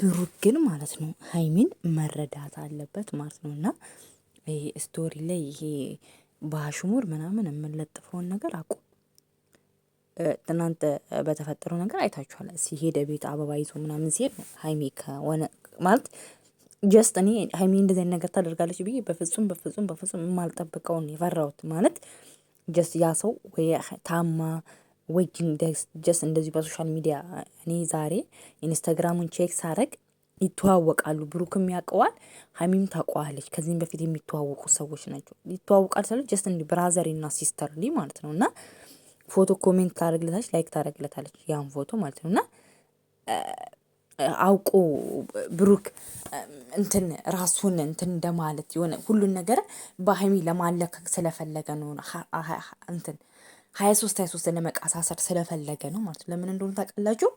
ብሩክ ግን ማለት ነው ሀይሚን መረዳት አለበት ማለት ነው። እና ስቶሪ ላይ ይሄ በአሽሙር ምናምን የምንለጥፈውን ነገር አቁ ትናንት በተፈጠረው ነገር አይታችኋል። ሲሄደ ቤት አበባ ይዞ ምናምን ሲሄድ ሀይሚ ከሆነ ማለት ጀስት እኔ ሀይሚ እንደዚህ ነገር ታደርጋለች ብዬ በፍጹም በፍጹም በፍጹም የማልጠብቀውን የፈራሁት ማለት ጀስት ያ ሰው ታማ ዌጂንግ ጀስ እንደዚሁ በሶሻል ሚዲያ እኔ ዛሬ ኢንስታግራሙን ቼክ ሳረግ ይተዋወቃሉ። ብሩክም ያውቀዋል፣ ሀሚም ታውቀዋለች። ከዚህም በፊት የሚተዋወቁ ሰዎች ናቸው። ይተዋወቃል ሳሉ ጀስት እንዲ ሲስተር ሊ ማለት ነው። እና ፎቶ ኮሜንት ታደረግለታለች፣ ላይክ ታደረግለታለች፣ ያን ፎቶ ማለት ነው። እና አውቆ ብሩክ እንትን ራሱን እንትን እንደማለት የሆነ ሁሉን ነገር በሀሚ ለማለክ ስለፈለገ ነው እንትን ሀያ ሶስት ሀያ ሶስት ለመቃሳሰር ስለፈለገ ነው ማለት ነው። ለምን እንደሆነ ታውቃላችሁ?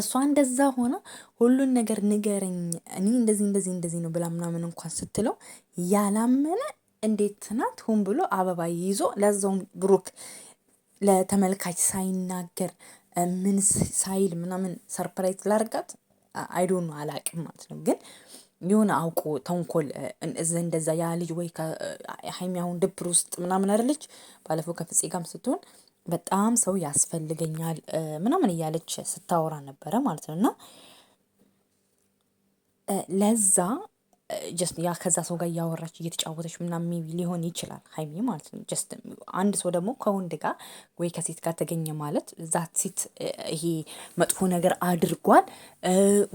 እሷ እንደዛ ሆና ሁሉን ነገር ንገረኝ እኔ እንደዚህ እንደዚህ እንደዚህ ነው ብላ ምናምን እንኳን ስትለው ያላመነ እንዴት ናት ሁን ብሎ አበባ ይዞ ለዛውም ብሩክ ለተመልካች ሳይናገር ምን ሳይል ምናምን ሰርፕራይዝ ላርጋት አይዶኑ አላቅም ማለት ነው ግን የሆነ አውቆ ተንኮል እንደዛ ያ ልጅ ወይ ሀይሚ አሁን ድብር ውስጥ ምናምን አይደለች። ባለፈው ከፍፄ ጋም ስትሆን በጣም ሰው ያስፈልገኛል ምናምን እያለች ስታወራ ነበረ ማለት ነው እና ለዛ ጀስት ያ ከዛ ሰው ጋር እያወራች እየተጫወተች ምናምን ሜቢ ሊሆን ይችላል ሀይሚ ማለት ነው። ጀስት አንድ ሰው ደግሞ ከወንድ ጋር ወይ ከሴት ጋር ተገኘ ማለት ዛት ሴት ይሄ መጥፎ ነገር አድርጓል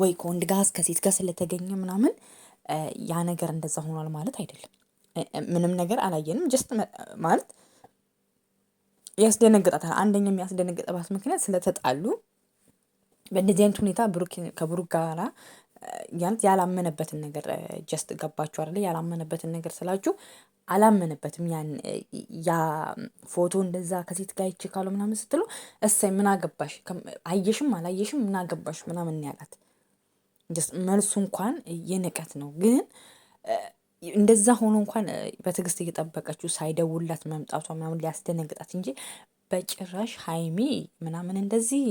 ወይ ከወንድ ጋር ከሴት ጋር ስለተገኘ ምናምን ያ ነገር እንደዛ ሆኗል ማለት አይደለም። ምንም ነገር አላየንም። ጀስት ማለት ያስደነግጣታል። አንደኛ የሚያስደነግጠባት ምክንያት ስለተጣሉ በእንደዚህ አይነት ሁኔታ ከብሩክ ጋራ ያንት ያላመነበትን ነገር ጀስት ገባችሁ አይደለ? ያላመነበትን ነገር ስላችሁ አላመነበትም። ያን ያ ፎቶ እንደዛ ከሴት ጋር ይቺ ካሉ ምናምን ስትሉ እሰይ ምን አገባሽ፣ አየሽም አላየሽም ምን አገባሽ ምናምን ያላት ጀስት መልሱ እንኳን የንቀት ነው። ግን እንደዛ ሆኖ እንኳን በትዕግስት እየጠበቀችው ሳይደውላት መምጣቷ ምናምን ሊያስደነግጣት እንጂ በጭራሽ ሀይሚ ምናምን እንደዚህ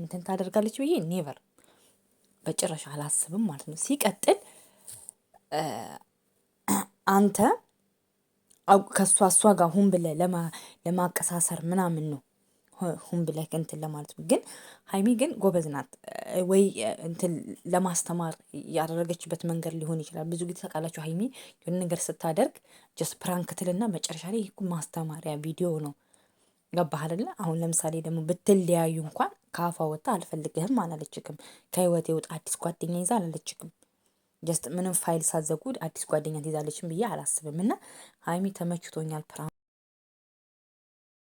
እንትን ታደርጋለች ብዬ ኔቨር በጭራሽ አላስብም ማለት ነው። ሲቀጥል አንተ ከእሷ እሷ ጋር ሁን ብለህ ለማቀሳሰር ምናምን ነው ሁን ብለህ እንትን ለማለት ነው። ግን ሀይሚ ግን ጎበዝ ናት ወይ እንትን ለማስተማር ያደረገችበት መንገድ ሊሆን ይችላል። ብዙ ጊዜ ታውቃላችሁ ሀይሚ የሆነ ነገር ስታደርግ ጀስት ፕራንክ ትልና መጨረሻ ላይ ማስተማሪያ ቪዲዮ ነው ገባህ አይደለ? አሁን ለምሳሌ ደግሞ ብትለያዩ እንኳን ከአፏ ወጥታ አልፈልግህም አላለችክም። ከህይወቴ ውጥ አዲስ ጓደኛ ይዛ አላለችክም። ጀስት ምንም ፋይል ሳትዘጉ አዲስ ጓደኛ ትይዛለችም ብዬ አላስብም። እና ሀይሚ ተመችቶኛል ፕራ